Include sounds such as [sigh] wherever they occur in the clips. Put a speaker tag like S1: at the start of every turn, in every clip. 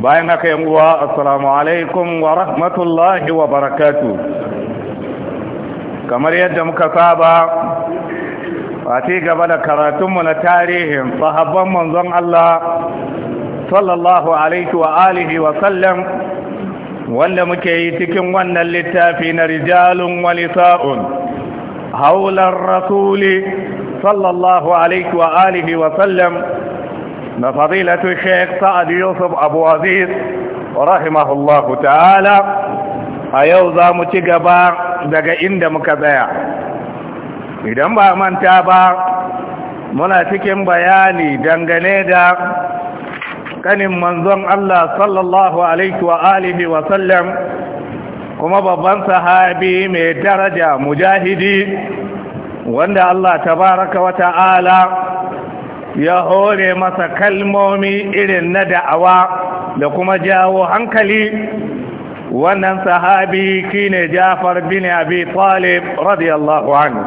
S1: bayan haka yan uwa assalamu alaikum wa rahmatullahi wa barakatu kamar yadda muka saba a gaba da karatunmu na tarihin sahabban manzon Allah sallallahu alaihi wa alihi wa sallam wanda muke yi cikin wannan littafi na rijalun wa nisa'un haular rasuli sallallahu alaihi wa alihi wa sallam na fadilatu sheikh sa'ad yusuf abu aziz ta'ala a yau za mu ci gaba daga inda muka tsaya idan ba manta ba muna cikin bayani dangane da kanin manzon Allah sallallahu alaihi wa wa sallam kuma babban sahabi mai daraja mujahidi wanda Allah tabaraka wa ta'ala ya hore masa kalmomi irin na da'awa da kuma jawo hankali wannan sahabi kine Jafar bin Abi Talib radiyallahu anhu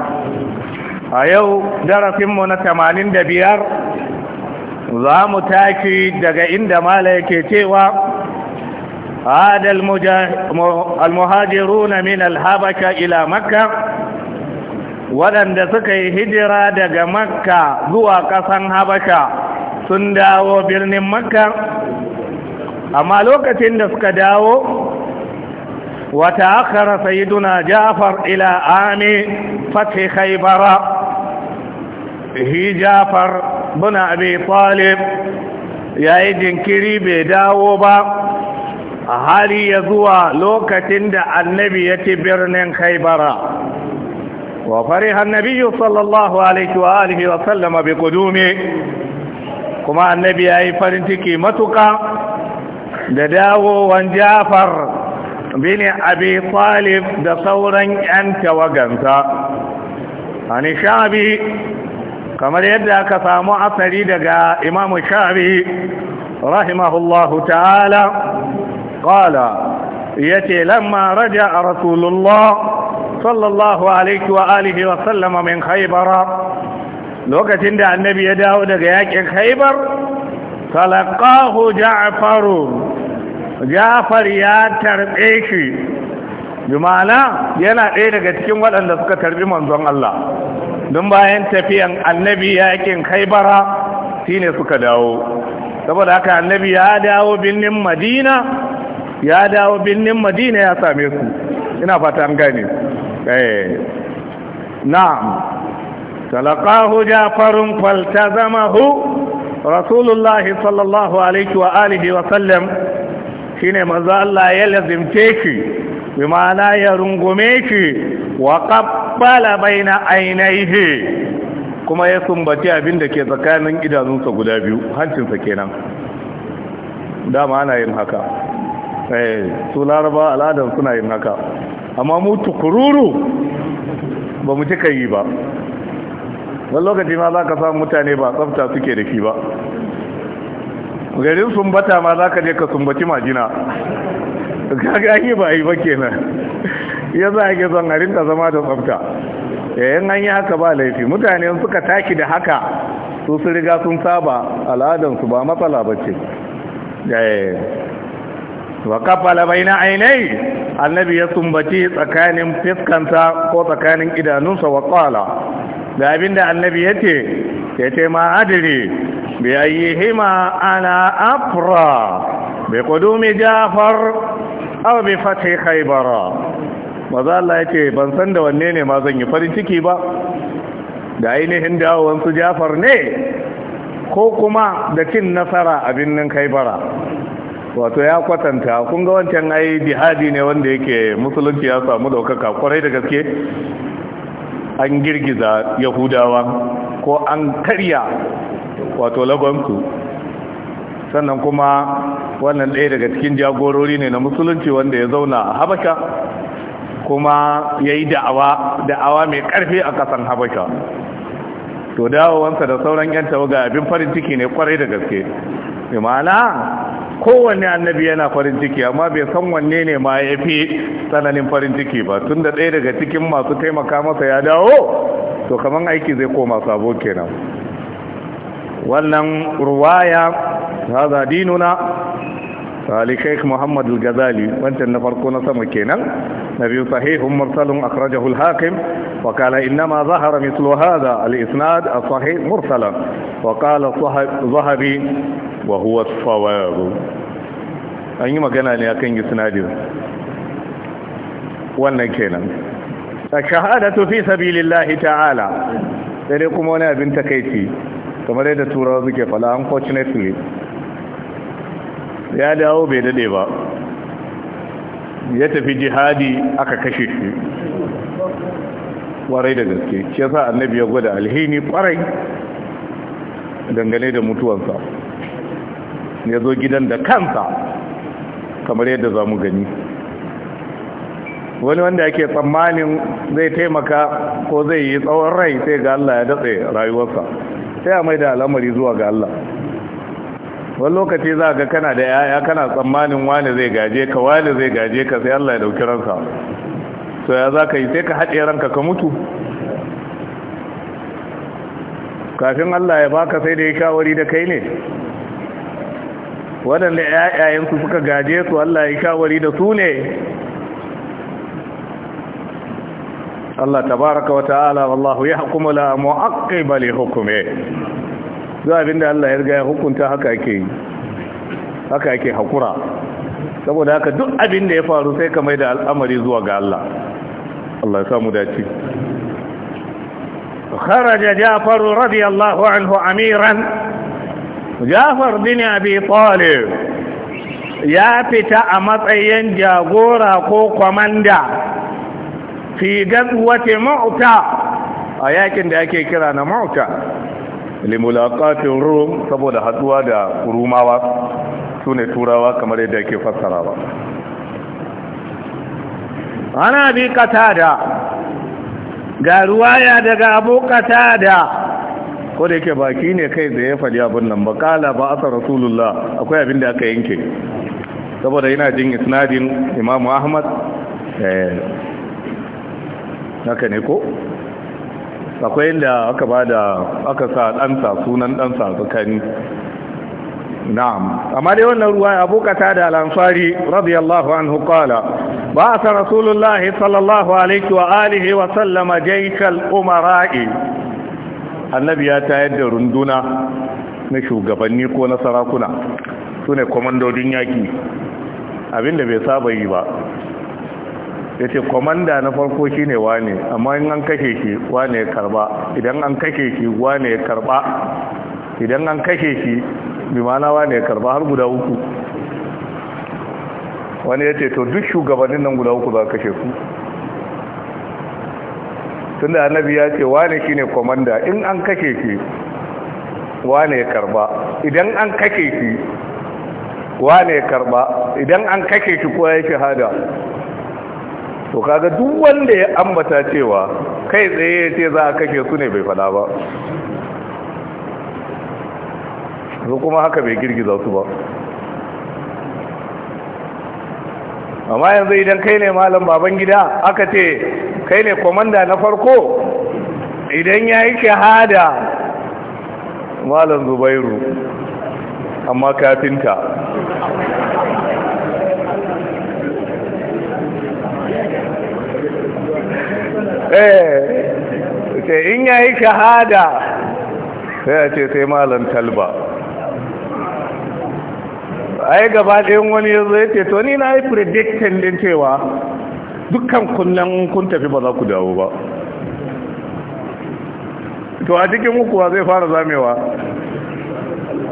S1: a yau darasinmu na 85 za mu taki daga inda mala yake cewa عاد almuhajiruna min alhabaka ila Makka. waɗanda suka yi hijira daga makka zuwa ƙasan habasha sun dawo birnin makka amma lokacin da suka dawo wata akara sayiduna jafar ila ami fatih haibara hi jafar buna abi talib ya yi jinkiri bai dawo ba a hali ya zuwa lokacin da annabi ya ci birnin haibara وفرح النبي صلى الله عليه وآله وسلم بقدومه كما النبي أي فرنتكي متك دداو وانجافر بن أبي طالب دصورا أنت وقنت عن الشعبي كما يدى كسام أثري دقى إمام الشعبي رحمه الله تعالى قال يتي لما رجع رسول الله صلى الله عليه وآله وسلم من خيبر لوكتين دا النبي يداو دا ياكين خيبر تلقاه جعفر جعفر يا تربيشي jumana yana ɗaya daga cikin waɗanda suka tarbi manzon Allah don bayan tafiyan annabi yaƙin kaibara shine suka dawo saboda haka annabi ya dawo birnin madina ya dawo birnin madina ya same su ina fata an gane Eh. na'am talaqahu jafarun faltazamahu rasulullah sallallahu alaihi wa alihi shine manzo ya lazimce shi bi ya rungume shi wa qabbala baina ainihi kuma ya sumbaci abin da ke tsakanin idanunsa guda biyu hancinsa kenan dama ana yin haka eh su laraba al'adar suna yin haka amma mu tukururu ba mu cika yi ba wani lokaci ma za ka samu mutane ba tsafta suke da shi ba garin sumbata ma za ka je ka sumbaci majina kaga yi ba yi ba kenan ya za a ke son a zama da tsafta yayin eh, an yi haka ba laifi mutane suka taki da haka su su riga sun saba al'adansu ba matsala ba ce eh. wa kafa labai na ainihi annabi ya sumbaci tsakanin fiskanta ko tsakanin idanunsa wa qala da abinda annabi yace yace ma adri bi hima ana afra bi qudumi jafar aw bi fathi Ba za Allah ce ban san da wanne ne ma zan yi farin ciki ba da ainihin dawowansu jafar ne ko kuma da cin nasara a birnin kaibara wato ya kwatanta kun ga wancan ai jihadi ne wanda yake musulunci ya samu daukaka kwarai da gaske an girgiza yahudawa ko an karya wato lagonsu sannan kuma wannan ɗaya daga cikin jagorori ne na musulunci wanda ya zauna a habasha kuma ya yi da'awa mai ƙarfi a ƙasan habasha to dawowansa da sauran 'yan tawaga abin farin ciki ne kwarai da gaske bi mana kowanne annabi yana farin ciki amma bai san wanne ne ma ya fi tsananin farin ciki ba tun da ɗaya daga cikin masu taimaka masa ya dawo to kamar aiki zai koma sabo kenan wannan ruwaya haza dinuna salikaik muhammad al-gazali wancan na farko na sama kenan nabi sahihun mursalun akhrajahu al-hakim wa qala inma zahara mithlu hadha al-isnad as-sahih mursalan wa wa huwa tsawaru an yi magana ne akan yi isnadin wannan kenan shahadatu fi sabilillahi ta'ala sai dai kuma wani abin takaici kamar yadda turawa suke fala unfortunately ya dawo bai dade ba ya tafi jihadi aka kashe shi Warai da gaske shi yasa annabi ya gwada alhini kwarai dangane da mutuwansa ya zo gidan da kansa kamar yadda za mu gani wani wanda yake tsammanin zai taimaka ko zai yi tsawon rai sai ga Allah ya datse rayuwarsa sai a mai da al'amari zuwa ga Allah wani lokaci za ga kana da yaya kana tsammanin wani zai gaje ka wani zai gaje ka sai Allah ya dauki ransa so ya za ka yi sai ka haɗe ranka ka mutu kafin Allah ya baka sai da ya shawari da kai ne waɗanda ‘ya'yayensu suka gaje su Allah ya shawari da su ne Allah tabaraka wa ta'ala wallahu ya hukumu la mu'aqqiba li hukume. zuwa abinda Allah ya riga ya hukunta haka yake haka yake saboda haka duk abinda ya faru sai ka mai da al'amari zuwa ga Allah Allah ya samu dace kharaja Ja'far radiyallahu anhu amiran jafar bin abi talib ya fita a matsayin jagora ko kwamanda fi gazwati mauta a yakin da ake kira na mauta limulaqatin rum saboda haduwa da rumawa sune turawa kamar yadda ake fassara ba ana bi katada ga ruwaya daga abu katada ko da yake baki ne kai da ya faɗi abin nan ba kala ba asa rasulullah akwai abin da aka yanke saboda ina jin isnadin imamu ahmad eh, haka ne ko akwai inda aka ba da aka sa ɗansa sunan ɗansa tsakani na'am amma dai wannan ruwa abu kata da al'amfari radiyallahu anhu qala بعث rasulullahi sallallahu alaihi wa alihi wa sallama جيش Umarai. annabi ya tayar da runduna na shugabanni ko na sarakuna su ne kwamandodin yaƙi abinda bai saba yi ba ya ce kwamanda na farko shi ne wane amma in an kashe shi wane ya karba idan an kashe shi wane ya karba idan an kashe shi bimana wane ya karba har guda uku wani ya ce to duk shugabannin nan guda uku za kashe ku tunda annabi ya ce wane shine komanda in an kake shi wane ya karba idan an kake shi wane ya karba idan an kake shi ko ya shahada to kaga duk wanda ya ambata cewa kai tsaye ya ce za a kake su ne bai fada ba su kuma haka bai girgiza su ba amma yanzu idan kai ne malam baban gida aka ce kai ne komanda na farko idan ya yi shahada malam zubairu amma kafinta eh in ya yi shahada sai a ce sai malam talba ai gaba ɗayan wani ya ya ce to ni na yi predictin din cewa dukkan kunnan kun tafi ba za ku dawo ba to a cikin uku zai fara zamewa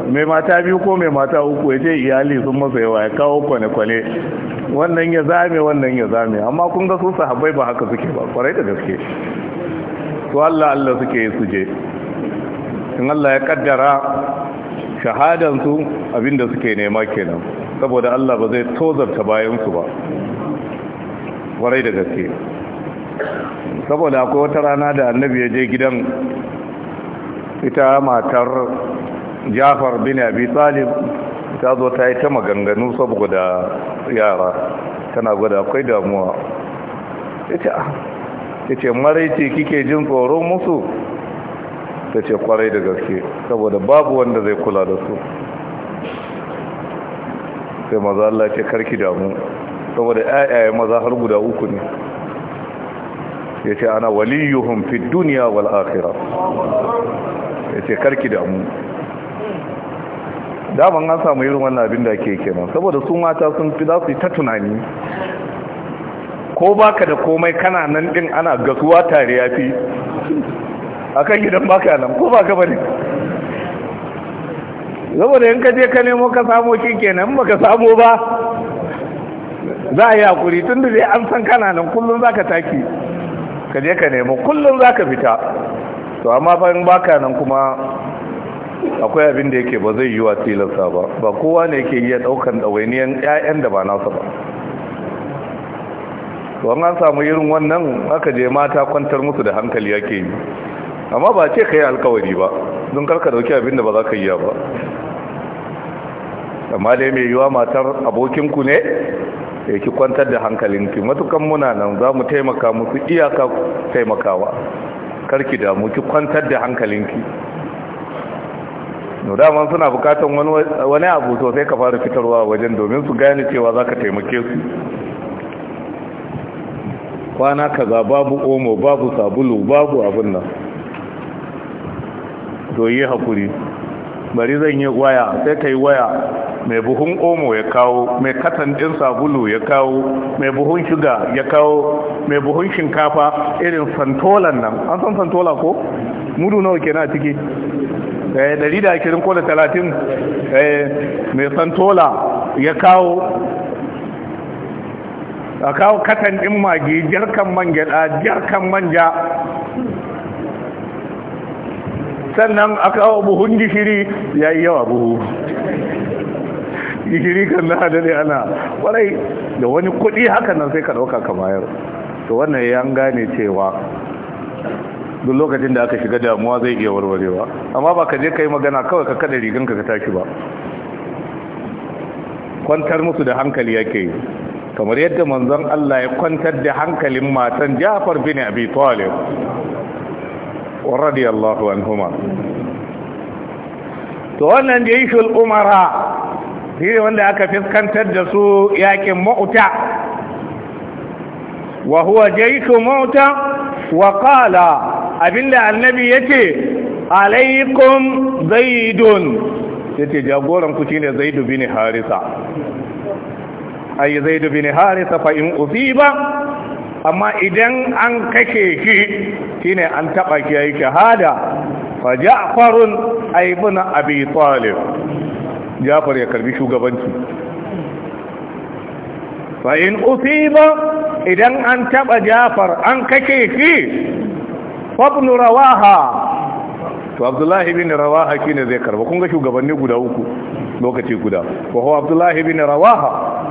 S1: mai mata biyu ko mai mata uku ya ce iyali sun masa yawa ya kawo kwane-kwane wannan ya zame wannan ya zame amma kun ga sun sahabbai ba haka suke ba kwarai da gaske to Allah Allah suke yi suje in Allah ya kaddara shahadansu. su abinda suke nema kenan saboda Allah ba zai tozarta bayansu ba warai da gaske saboda akwai wata rana da annabi ya je gidan ita matar jafar bin abi talib ta zo ta yi ta maganganu saboda yara tana gwada akwai damuwa ya ce ah. maraice kike jin tsoron musu ta ce kwarai da gaske saboda babu wanda zai kula da su sai maza Allah ce karki damu saboda ayaye maza har guda uku ne ya ce ana waliyuhun fi duniya wal akhirah ya ce karki damu daman an samu irin wannan abin da ke kenan saboda su mata sun fi za su yi ta tunani ko baka da komai kana nan din ana gasuwa tare ya fi akan gidan baka nan ko baka bane saboda in ka je ka nemo ka samu shi kenan baka samu ba za a yi hakuri tun da dai an san kana nan kullum za ka taki ka je ka nemo kullum za ka fita to amma fa in baka nan kuma akwai abin da yake ba zai yi wa tilasta ba ba kowa ne yake iya daukan ɗawainiyan 'ya'yan da ba nasa ba to an samu irin wannan aka je mata kwantar musu da hankali yake yi amma ba ce ka yi alkawari ba don karka dauki abin da ba za ka yi ba amma dai mai yiwa matar abokinku ne ya ki kwantar da hankalinki matukan muna nan za mu taimaka musu iyaka taimakawa karki damu ki kwantar da hankalinki no daman suna bukatan wani abu sai ka fara fitarwa wajen domin su gane cewa za ka taimake su kwana kaza babu omo babu sabulu babu abin nan to yi hakuri bari zan yi waya sai ka yi waya mai buhun omo ya kawo mai katan ɗin sabulu ya kawo mai buhun shuga ya kawo mai buhun shinkafa irin santolan nan an san santola ko mudu nawa kenan a ciki eh dari da ashirin ko da talatin eh mai santola ya kawo a kawo katan ɗin magi jarkan man gyaɗa jarkan manja sannan aka awa buhun gishiri ya yi yawa buhu gishiri kan na ne ana kwarai da wani kudi haka nan sai ka dauka ka bayar to wannan ya gane cewa duk lokacin da aka shiga damuwa zai iya warwarewa amma ba ka je ka yi magana kawai ka kada rigan ka tashi ba kwantar musu da hankali yake yi kamar yadda manzon Allah ya kwantar da hankalin matan Jafar bin Abi Talib radiyallahu anhuma to wannan jayishul umara shine wanda aka fiskantar da su yakin mauta wa huwa jayishu mauta wa qala abinda annabi yace alaikum zaidun yace jagoran ku shine zaidu bin harisa Ayi zaidu bin harisa fa in usiba amma idan an kake shi shine an taba shi yayi shahada fa ja'farun ibn abi talib ja'far ya karbi shugabanci fa in usiba idan an taba ja'far an kake shi fa ibn rawaha to abdullahi ibn rawaha shine zai karba kun ga shugabanni guda uku lokaci guda Ko huwa abdullahi bin rawaha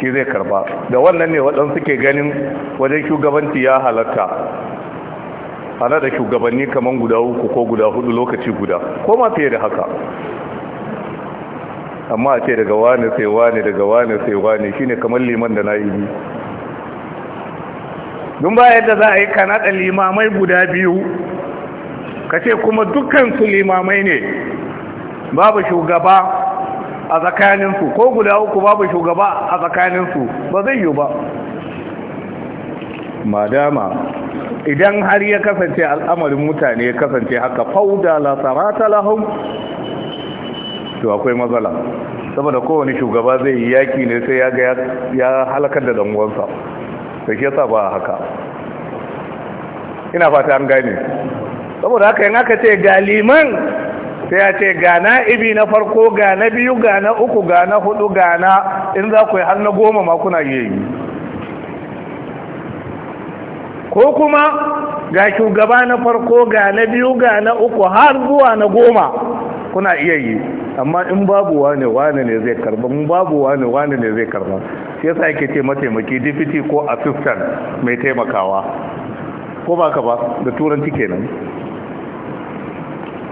S1: shi zai karba da wannan ne waɗansu ke ganin wajen shugabanci ya halatta ana da shugabanni kamar guda uku ko guda hudu lokaci guda ko ma fiye da haka amma a ce daga wane sai wane daga wane sai wane shine kamar liman da na yi. don ba yadda za a yi kanada limamai guda biyu ka ce kuma dukkan su limamai ne babu shugaba a tsakaninsu ko guda uku babu shugaba a tsakaninsu ba zai yi ba madama idan har ya kasance al'amarin mutane ya kasance haka fauda la sarata lahum to akwai matsala saboda kowane shugaba zai yi yaki ne sai ya ga ya halakar da dangonsa da ke sa ba haka ina fata an gane saboda haka yin aka ce galiman sai ya ce ga ibi na farko ga na biyu ga na uku ga na hudu ga na in za ku yi har na goma ma kuna yi ko kuma ga shugaba na farko ga na biyu ga na uku har zuwa na goma kuna iya yi amma in babu wane wane ne zai karba in babu wane wane ne zai karba shi yasa yake ce mataimaki deputy ko assistant mai taimakawa ko ba ka ba da turanci kenan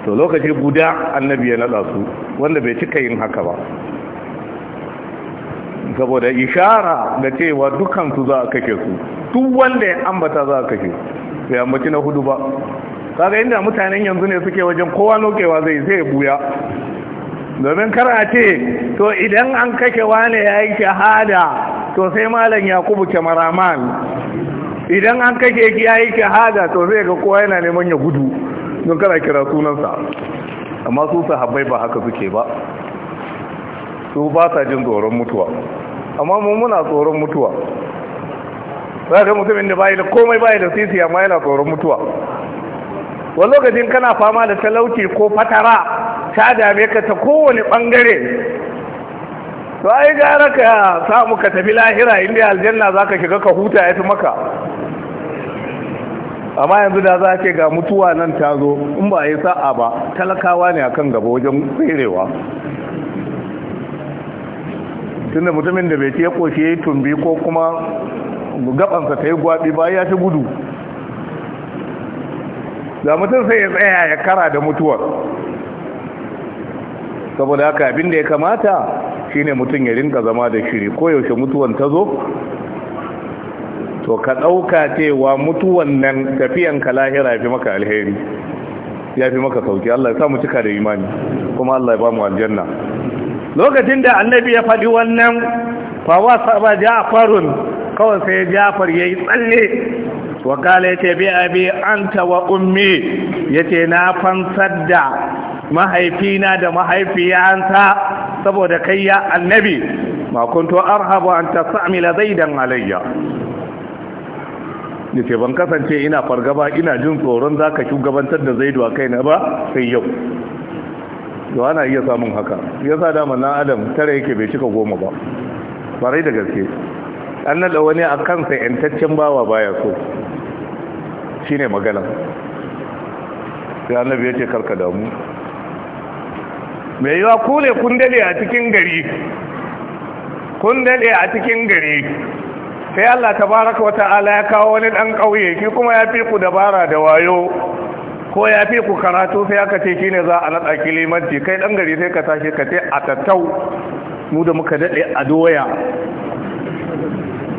S1: to lokaci guda annabi ya nada su wanda bai cika yin haka ba saboda ishara da cewa su za a kake su duk wanda ya ambata za a kake bai ambaci na hudu ba kaga inda mutanen yanzu ne suke wajen kowa lokewa zai zai buya domin kar a ce to idan an kake wane ya yi shahada to sai malam yakubu camaraman idan an kake ya yi shahada to zai ga kowa yana neman ya gudu don kana kira sunansa amma su sahabbai ba haka suke ba su ba sa jin tsoron mutuwa amma mu muna tsoron mutuwa za ka mutumin da bayi da komai bayi da sisi amma yana tsoron mutuwa wani lokacin kana fama da talauci ko fatara ta dame ka ta kowane bangare to ai gara ka samu ka tafi lahira inda aljanna za ka shiga ka huta ya fi maka amma yanzu da za ce ga mutuwa nan ta zo in ba a yi sa'a ba talakawa ne akan gaba wajen tserewa tunda mutumin da bai ce koshi ya yi tumbi ko kuma gabansa ta yi gwabi ba ya fi gudu da mutum sai ya tsaya ya kara da mutuwar saboda haka abin da ya kamata shine mutum ya rinka zama da shiri ko yaushe mutuwan ta zo to ka ɗauka cewa mutuwan nan tafiyanka lahira ya fi maka alheri ya fi maka sauki Allah ya sa mu cika da imani kuma Allah ya ba mu aljanna lokacin da annabi ya faɗi wannan fawa saba ja'farun kawai sai ja'far yayi tsalle wa ya ce bi abi wa ummi yace na fansar da mahaifina da mahaifiyata saboda kai ya annabi ma kuntu arhabu an tasamila zaidan alayya ce ban kasance ina fargaba ina jin tsoron za ka shugabantar da zaidu a kaina ba sai yau to ana iya samun haka sa dama na adam tare yake bai cika goma ba barai da gaske an nada wani a kansa yantaccen bawa baya so Shi ne magana sai biyar yace karka damu mai yiwa kule kundale a cikin gari kun dade a cikin gari sai Allah baraka wa ta'ala ya kawo wani dan ƙauye. shi kuma ya fi ku dabara da wayo ko ya fi ku karatu sai aka ce ne za a nada kilimanci kai ɗan gari sai ka tashi ka ce a tattau mu da muka daɗe a doya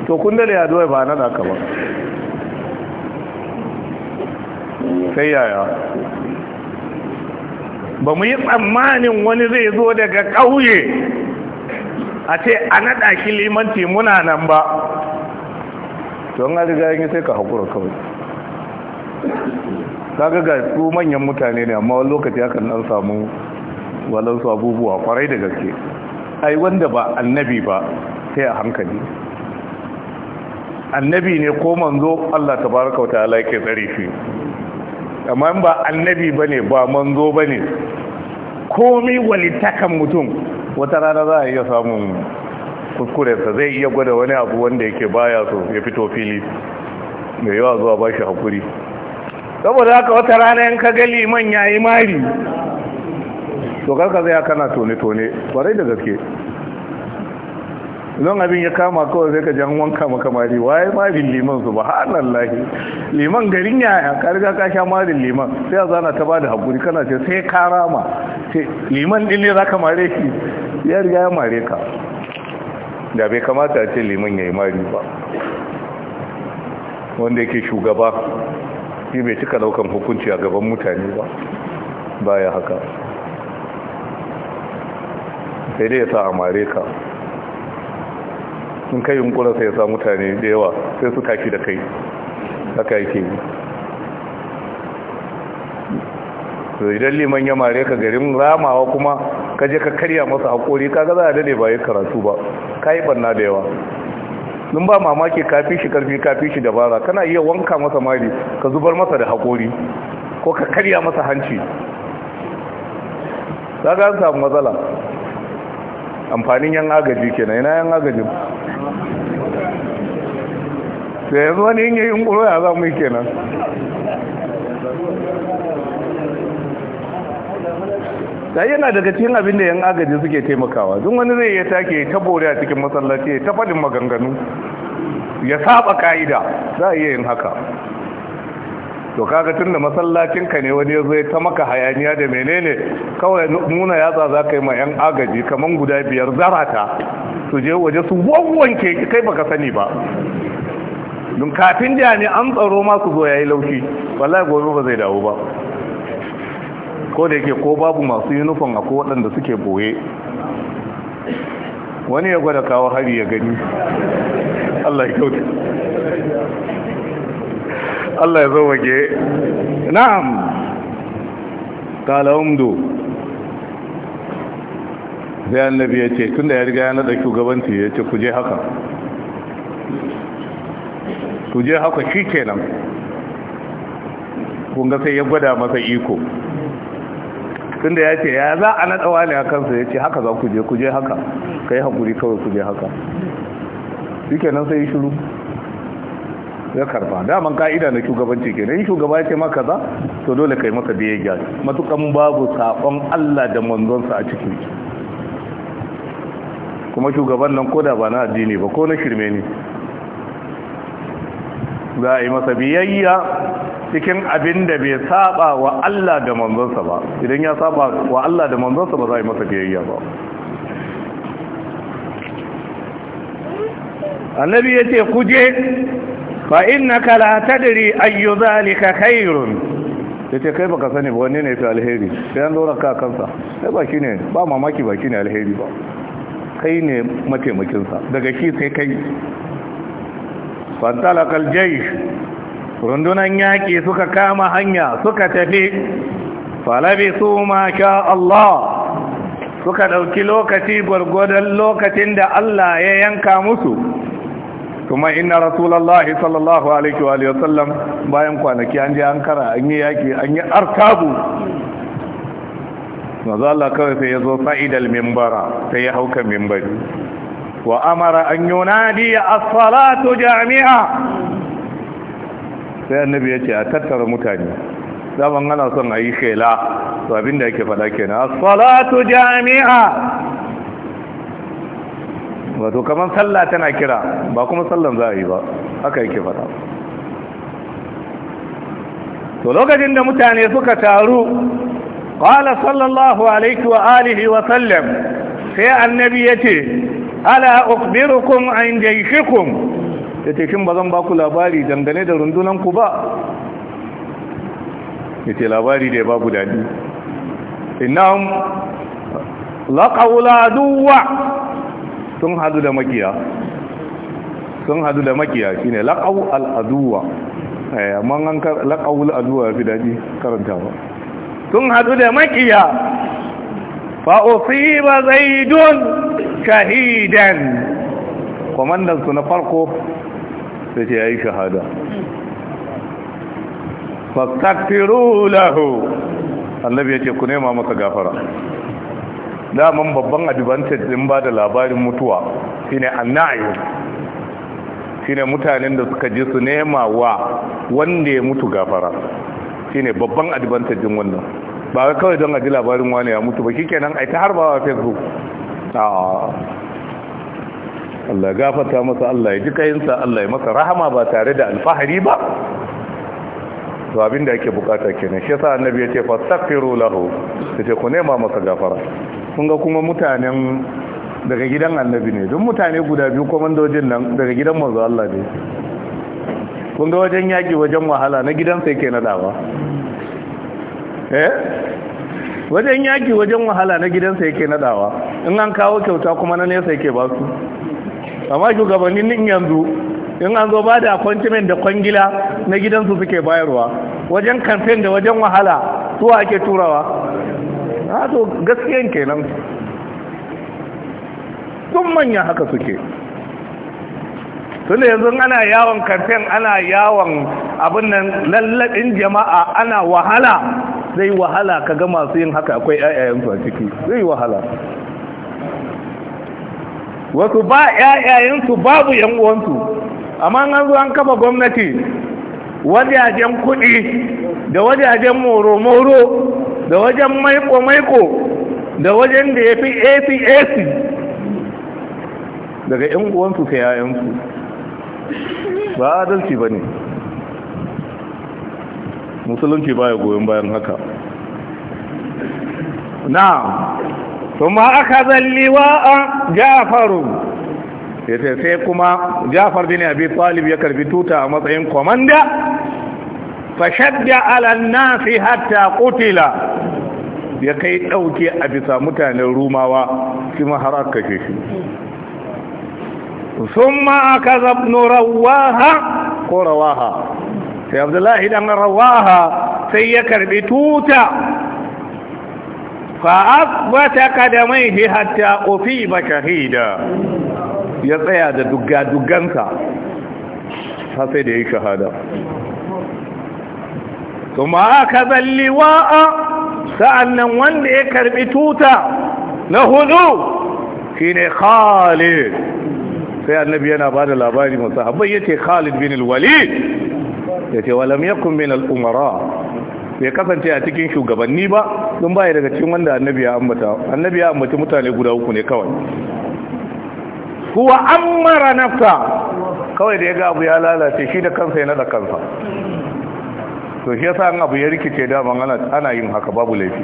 S1: to kun dade a doya ba nada ka ba sai yaya ba mu yi tsammanin wani zai zo daga ƙauye a ce a naɗa shi limanci muna nan ba don an riga yin sai ka haƙura kawai kaga ga su manyan mutane ne amma wani lokaci hakan nan samu walansu abubuwa kwarai da gaske ai wanda ba annabi ba sai a hankali annabi ne ko manzo Allah tabaraka wa ta'ala yake tsari shi amma ba annabi ba ne, ba manzo ba ne komi walitakan mutum wata rana za a iya samun kuskurensa zai iya gwada wani abu wanda yake baya so ya fito fili mai yawa zuwa ba shi haƙuri saboda haka wata rana yan ka gali man ya yi mari to karka zai kana tone-tone kwarai da gaske don abin ya kama kawai zai ka jan wanka makamari, mari waye marin liman su ba lahi liman garin yaya ka riga ka sha marin liman sai a zana ta bada haƙuri kana ce sai ka rama liman ɗin ne za ka mare shi ya riga ya mare ka da bai kamata a ce liman ya yi mari ba wanda yake shugaba shi bai cika daukan hukunci a gaban mutane ba baya haka sai dai ya sa a mare ka sun kai yunkura sai ya sa mutane da yawa sai su tashi da kai haka yake yi idan liman ya mare ka garin ramawa kuma ka je ka karya masa haƙori ga za a dade ba yi karatu ba ka yi ɓanna da yawa in ba mamaki fi shi karfi fi shi dabara kana iya wanka masa mari ka zubar masa da haƙori ko ka karya masa hanci za ka samu matsala amfanin yan agaji kenan yana yan agaji da yanzu wani yin yayin ya za mu yi kenan da yana daga cikin abin da yan agaji suke taimakawa don wani zai ya take ta bore a cikin masallaci ta fadin maganganu ya saba ka'ida za a iya yin haka to kaga tunda masallacin ka ne wani yazo ya ta maka hayaniya da menene kawai nuna yatsa za ka yi ma yan agaji kaman guda biyar zarata su je waje su wawwanke kai baka sani ba don kafin jami'an tsaro ma su zo yayi laushi wallahi gobe ba zai dawo ba ko da yake ko babu masu yunifon a waɗanda suke boye wani ya gwada kawo hari ya gani Allah ya kyauta Allah ya zawage na'am kala zai sai annabi ya ce da ya riga ya nada shugabanci ya ce kuje haka
S2: kuje haka shi kenan
S1: kun ga sai ya gwada masa iko tunda ya ce ya za a naɗa wani a kansa ya ce haka za ku je ku je haka ka yi haƙuri kawai ku je haka shike nan sai shiru ya karba daman ka'ida na shugabanci ke nan shugaba ya ce maka za to dole kai maka biyayya matukan babu saƙon Allah da manzonsa a cikin kuma shugaban nan koda ba na addini ba ko na shirme ne za a yi masa biyayya cikin abin da bai saba wa Allah da manzonsa ba idan ya saba wa Allah da manzonsa ba za a yi masa biyayya ba annabi ya ce kuje fa innaka la tadri ayu zalika khairun ce kai baka sani ba wanne ne fi alheri sai an dora ka kansa sai ba shine ba mamaki ba shine alheri ba kai ne mataimakin daga shi sai kai fantalakal jaysh rundunan yaƙi suka kama hanya suka tafi falabi su masha Allah suka ɗauki lokaci gwargwadon lokacin da Allah ya yanka musu kuma ina rasulallah sallallahu alaihi wa sallam bayan kwanaki an je an kara an yi yaƙi an yi artabu mazu kawai sai ya zo fa'idal mimbara sai ya hauka mimbari wa amara an yunadi as-salatu jami'a sai annabi ya ce a tattara mutane daban ana son a yi shela to abinda yake faɗa kenan salatu jami'a wato kamar sallah tana kira ba kuma sallan za a yi ba haka yake fada to lokacin da mutane suka taru qala sallallahu alaihi wa alihi wa sallam sai annabi yace ala ukhbirukum an jayshikum da tekin ba zan ba ku labari dangane da rundunanku ba ya ce labari da ya babu daɗi innan laƙauladuwa sun hadu da makiya sun hadu da makiya shine laƙau al'aduwa eh, amma an laƙau al'aduwa ya fi daɗi ba sun hadu da makiya fa'usiba zaidun shahidan kwamandansu na farko sai ce yayi shahada fastaghfiru lahu annabi ce ku nema masa gafara daman babban advantage din ba da labarin mutuwa shine annayu shine mutanen da suka ji su nema wa wanda ya mutu gafara shine babban advantage din wannan ba kawai don a ji labarin wani ya mutu ba shikenan ai ta harbawa facebook Allah gafata masa Allah ya ji kayinsa Allah ya masa rahama ba tare da alfahari ba to abin da ake bukata kenan shi yasa annabi ya ce tafiru lahu sai ku nema masa gafara kun ga kuma mutanen daga gidan annabi ne duk mutane guda biyu komandojin nan daga gidan manzo Allah ne kun ga wajen yaki wajen wahala na gidan sai ke nadawa eh wajen yaki wajen wahala na gidan ke na nadawa in an kawo kyauta kuma na nesa ke ba su amma shugabannin yanzu in an zo ba da appointment da kwangila na gidansu suke bayarwa wajen kamfen da wajen wahala tuwa ake turawa na ah, to gaskiyan kenan sun manya haka suke tunda yanzu ana yawon kamfen ana yawon abin nan lallaɗin jama'a ana wahala zai wahala ka ga masu yin haka akwai 'ya'yansu a ciki zai wahala wasu ba yayayansu babu yan uwansu amma an zo an kafa gwamnati wajajen kuɗi da wajajen moro-moro da wajen maiko-maiko da wajen da ya fi acac daga yan uwansu sai yayansu ba adalci ba ne musulunci baya goyon bayan haka na ثم أخذ اللواء جعفر يتسيقما جعفر بن أبي طالب يكر بتوتا مطعم كوماندا فشد على الناس حتى قتل يكي أوكي أبي صامتا للروما وكما حرق كشيش ثم أخذ ابن رواها قرواها سيد الله إذا رواها سيكر بتوتا فأثبت قدميه حتى أصيب شهيدا يقيا ده دقا دقنسا فسده شهادة ثم أكذا اللواء سألنا وان إكر بتوتا نهدو كين خالد سيئا النبي أنا بعد الأباني من صحبه يتي خالد بن الوليد يتي ولم يكن من الأمراء bai kasance a cikin shugabanni ba don baya daga cikin wanda annabi ya ambata annabi ya ambaci mutane guda uku ne kawai huwa ammara nafsa kawai da ya ga abu ya lalace shi da kansa ya nada kansa to shi yasa an abu ya rikice daman ana yin haka babu laifi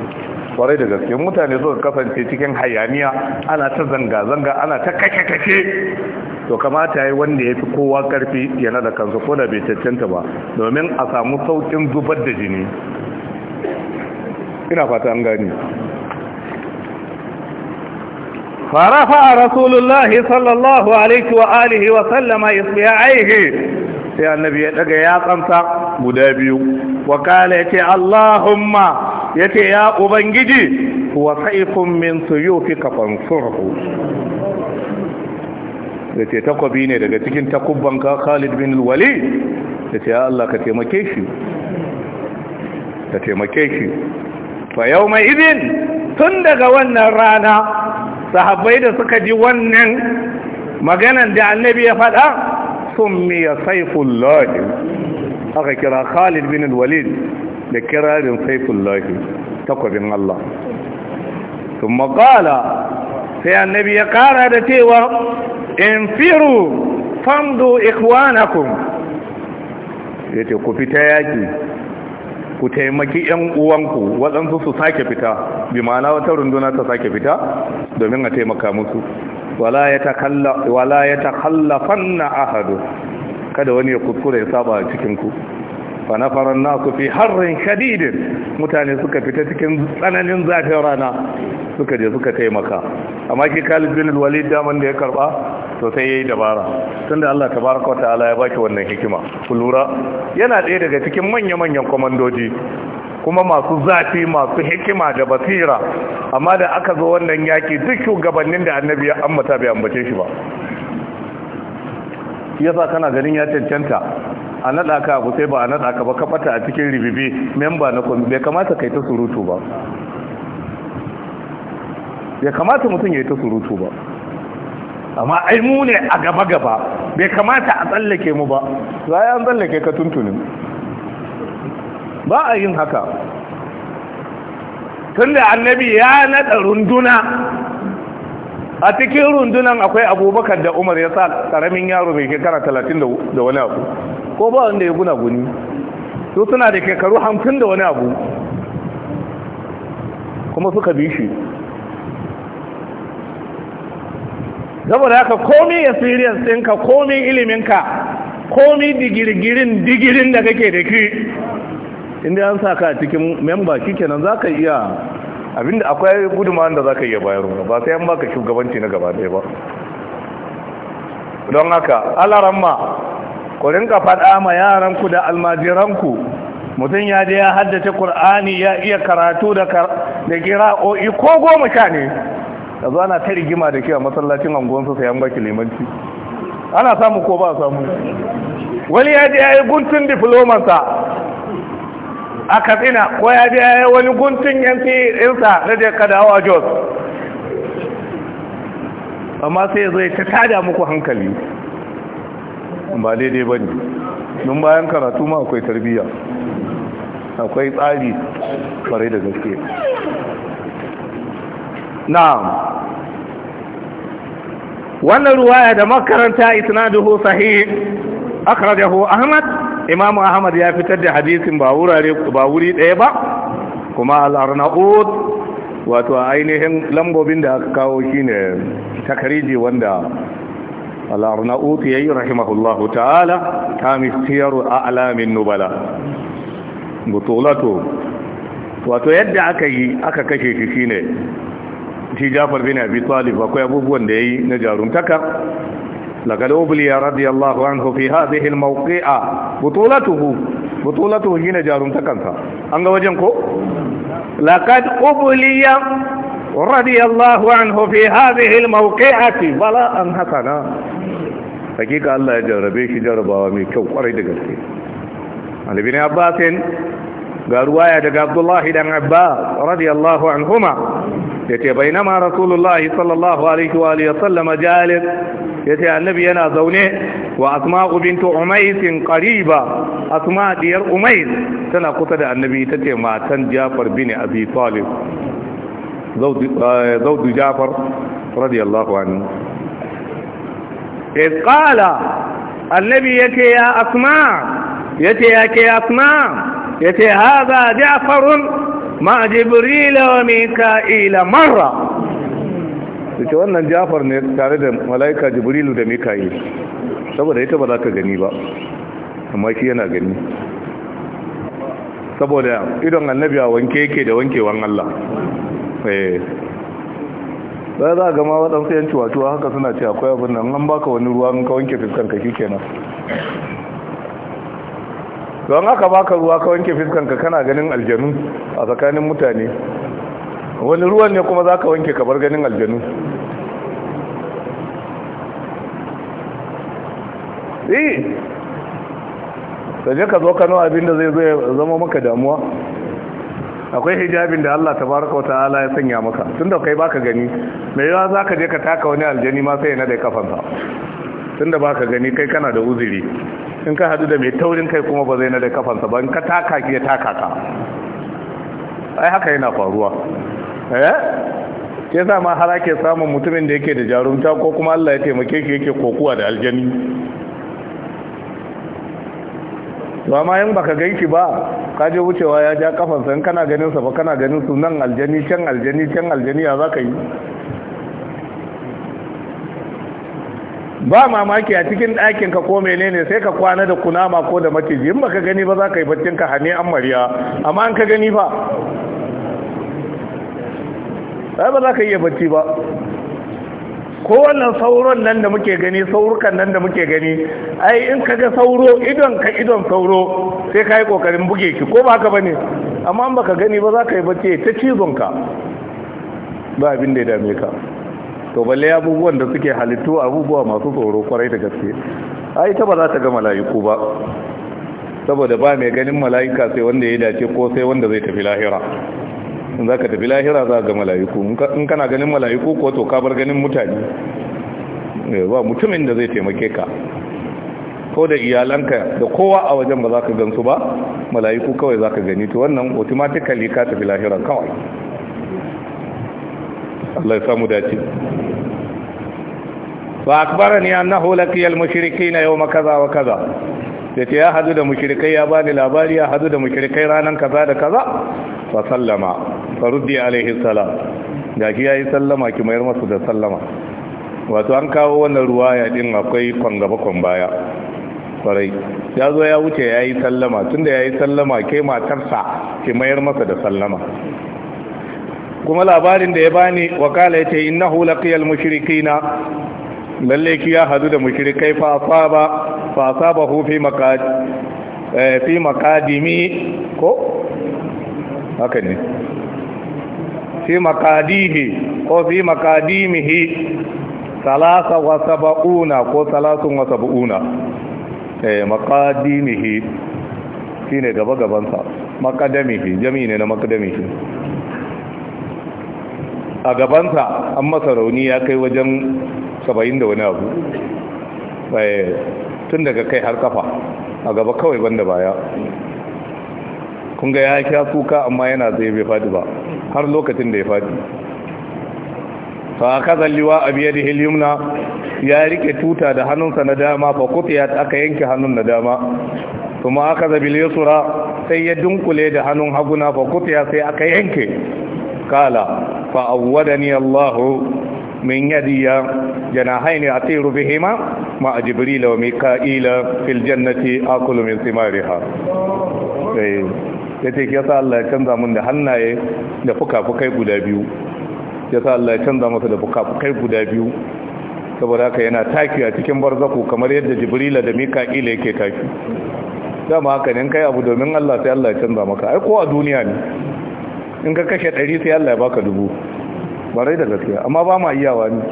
S1: kwarai da gaske mutane suka kasance cikin hayaniya ana ta zanga zanga ana ta kake kake to kamata yayi wanda ya fi kowa karfi ya nada kansa ko da bai cancanta ba domin a samu saukin zubar da jini ina fata an gani farafa a rasulullahi sallallahu alaihi wa alihi wa sallama isbiya aihe sai annabi ya daga ya kamsa guda biyu wa kala ya ce allahumma ya ce ya ubangiji wa saifin min su fi kafan surhu ya ce takwabi ne daga cikin takubban khalid bin wali ya ce ya allah ka taimake shi ka taimake shi fa yau mai izin tun daga wannan rana sahabbai da suka ji wannan maganan da annabi ya faɗa sun miya saifun lahi aka kira khalid bin walid da kirarin saifun lahi takwabin Allah sun maƙala sai annabi ya ƙara da cewa in firu famdu ikwanakun ya ce ku fita yaƙi ku taimaki yan uwanku waɗansu su sake fita bi ma'ana wata runduna ta sake fita domin a taimaka musu wala ya takallafan na ahadu kada wani ya kuskure ya saba a cikinku fa na faran nasu fi harrin shadidin mutane suka fita cikin tsananin zafin rana suka je suka taimaka amma ki Khalid bin Walid daman da ya karba to sai yayi dabara tunda Allah tabaraka wa ta'ala ya baki wannan hikima Kulura yana ɗaya daga cikin manya manyan komandoji kuma masu zafi masu hikima da basira amma da aka zo wannan yaki duk shugabannin da annabi ya ammata bai ambace shi ba yasa kana ganin ya cancanta a naɗa ka abu sai ba a naɗa ka ba ka fata a cikin ribibi memba na kwamfi bai kamata kai ta surutu ba bai kamata mutum ya yi ta surutu ba amma ai mu ne a gaba-gaba bai kamata a tsallake mu ba za a yi an tsallake ka tuntunin ba a yin haka tun da annabi ya naɗa runduna a cikin rundunan akwai abubakar da umar ya sa ƙaramin yaro mai shekara talatin da wani abu ko ba wanda ya guna guni su suna da shekaru hamsin da wani abu kuma suka bi shi saboda haka komi experience ɗinka komi iliminka komi digirgirin digirin da kake da ke. inda an sa ka cikin memba kenan za ka iya abinda akwai guduma da za ka iya bayarwa ba sai an baka shugabanci na gaba ɗaya ba don haka alaramma ku rinka faɗa ma yaranku da almajiranku mutum ya je ya haddace Kur'ani ya iya karatu da kira'o'i ko goma sha ne ka zo ana ta rigima da ke a masallacin anguwansu sayan baki limanci ana samu ko ba samu wani ya je ya yi guntun diplomansa a katsina ko ya je ya yi wani guntun yankinsa na je kadawa jos amma sai zai ta tada muku hankali ba daidai ba ne nun bayan karatu ma akwai tarbiyya akwai tsari kwarai da gaske na'am wannan ruwaya da makaranta isnaduhu sahih akhrajahu ahmad imamu ahmad ya fitar da hadisin ba wurare ba wuri daya ba kuma al-arnaud wato ainihin lambobin da aka kawo shine takariji wanda al-arnaud yayi rahimahullahu ta'ala tamistiyaru a'lamin nubala butulatu wato yadda aka yi aka kashe shi shine shi jafar bin abi talib akwai abubuwan da yayi na jaruntaka لقد أبلي رضي الله عنه في هذه الموقعة بطولته بطولته هنا جارم تكنسا أنه وجنكو لقد أبلي رضي الله عنه في هذه الموقعة بلا أنهتنا حقيقة الله جربيش جربا ومي كو قريد قلسي عن ابن عباس ga ruwaya daga abdullahi dan abbas radiyallahu anhuma yace bainama rasulullahi sallallahu alaihi wa alihi wasallam jalis yace annabi yana zaune wa asma'u bintu umays qariba asma diyar umays tana kusa da annabi tace matan jafar bin abi talib zawdu eh, jafar radiyallahu anhu qala annabi yace ya asma yace yake asma yace haza ja'farun ma jibril wa mika'il marra yace wannan ja'far ne tare da malaika jibril da mika'il saboda ita ba za ka gani ba amma shi yana gani saboda idon annabi a wanke yake da wankewan Allah eh ba za ga ma waɗansu yanci wato haka suna ce akwai abin nan an baka wani ruwa in ka wanke fiskan ka shikenan don aka baka ruwa ka wanke fiskanka kana ganin aljanu a tsakanin mutane wani ruwan ne kuma za ka wanke kabar ganin aljanu eh sai ka zo kano abin da zai zo zama maka damuwa akwai hijabin da Allah ta baraka wata ala ya sanya maka tun da kai baka gani mai yawa za ka je ka taka wani aljani ma sai na da kafansa tunda baka gani kai kana da uzuri in ka hadu da mai taurin kai kuma ba zai na da kafansa ba in ka taka ki ya taka ka ai haka yana faruwa eh ke sa ma har ake samun mutumin da yake da jarumta ko kuma Allah ya taimake shi yake kokuwa da aljani ba ma yan baka ganki ba ka je wucewa ya ja kafansa in kana ganin sa ba kana ganin sunan nan aljani can aljani can aljani ya zaka yi ba mamaki a cikin ɗakin ka ko menene sai ka kwana da kunama ko da maciji in baka gani ba za ka yi baccin ka hane an mariya amma an ka gani ba sai ba za ka iya bacci ba ko wannan sauron nan da muke gani saurukan nan da muke gani ai in ka ga sauro idon ka idon sauro sai ka yi kokarin buge ki ko ba ka bane amma an baka gani ba za ka yi bacci ta cizon ka ba abin da ya dame ka to balle abubuwan da suke halittu abubuwa masu tsoro kwarai da gaske ai ta ba za ta ga mala'iku ba saboda ba mai ganin mala'ika sai wanda ya dace ko sai wanda zai tafi lahira in za ka tafi lahira za ga mala'iku in kana ganin mala'iku ko to ka bar ganin mutane eh, ba mutumin da zai taimake ka ko da iyalanka da kowa a wajen ba za ka gansu ba mala'iku kawai za ka gani to wannan automatically ka tafi lahira kawai Allah ya samu dace fa akbarani annahu laqiya al-mushrikeena yawma kaza wa kaza yace ya hadu da mushrikai ya bani labari ya hadu da mushrikai ranan kaza da kaza fa sallama fa ruddi alaihi salam gashi yayi sallama ki mayar masa da sallama wato an kawo wannan ruwaya din akwai kwangaba kwan baya kwarai ya zo ya wuce ya yi sallama tunda ya yi sallama ke matarsa ke mayar masa da sallama kuma labarin da ya bani wakala ya ce innahu laqiyal mushrikina lalle ki ya hadu da mushrikai fa ba fa ba hu fi eh fi maqadimi ko haka ne fi makadihi ko fi makadimihi salasa wa sab'una ko salasun wa sab'una eh makadimihi shine gaba gabansa maqadamihi jami'i ne na makadimihi a gabansa an masa rauni ya kai wajen saba'in da wani abu eh, tun daga kai har kafa a gaba kawai banda baya kunga ya sha kuka amma yana zai bai faɗi ba har lokacin da ya fadi fa zalli wa a biyar hilimna ya rike tuta da hannunsa na dama fa kufiyat aka yanke hannun na dama kuma aka zabil yusra sai ya dunkule da hannun haguna fa kufiya sai aka yanke kala fa awwadani Allah min yadiya janahaini atiru bihima ma jibrila wa mika'ila fil jannati a kulumin thimariha sai eh, yace ki yasa Allah ya canza mun da hannaye da fuka-fukai guda biyu yasa Allah ya canza masa da fuka-fukai guda biyu saboda haka yana taki a cikin barzaku kamar yadda jibrila da mika'ila yake taki dama haka ne kai abu domin Allah sai Allah ya canza maka ai ko a duniya ne in ka kashe 100 sai Allah ya baka dubu barai da gaskiya amma ba ma iyawa ne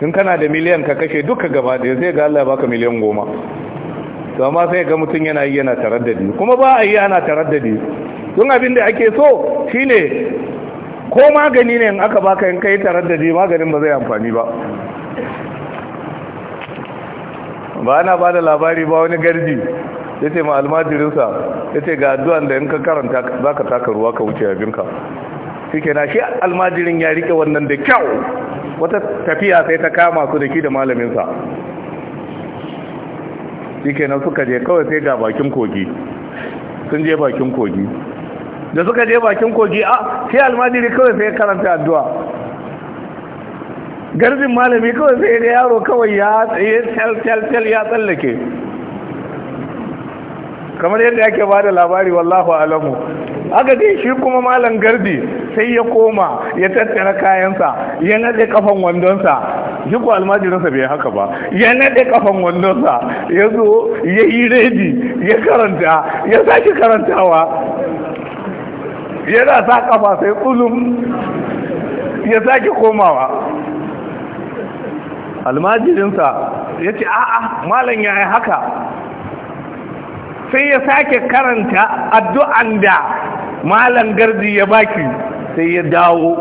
S1: in kana da miliyan ka kashe duka gaba ɗaya zai ga Allah baka miliyan goma to amma sai ga mutum yana yi yana taraddadi kuma ba a yi ana taraddadi don abin da ake so shine ko magani ne in aka baka in kai taraddadi maganin ba zai amfani ba ba na ba da labari ba wani garji ya ce ma almajirinsa ya ce ga addu'an da in ka karanta za ka taka ruwa ka wuce abinka suke na shi almajirin ya rike wannan da kyau wata tafiya sai ta kama su da shi da malaminsa suke nan suka je kawai sai ga bakin kogi sun je bakin kogi da suka je bakin kogi a sai almajiri kawai sai karanta addu'a garzin malami kawai sai da yaro kawai ya tsaye tsal-tsal ya tsallake kamar yadda yake ba da labari wallahu alamu aka ce shi kuma malam gardi sai ya koma ya tattara kayansa ya naɗe kafan wandonsa shi ko almajirinsa bai haka ba ya naɗe kafan wandonsa ya zo ya yi redi ya karanta ya sake karantawa yana sa kafa sai kulum ya sake komawa almajirinsa ya ce a'a malam ya yi haka sai ya sake karanta addu'an da malam gardi ya baki sai ya dawo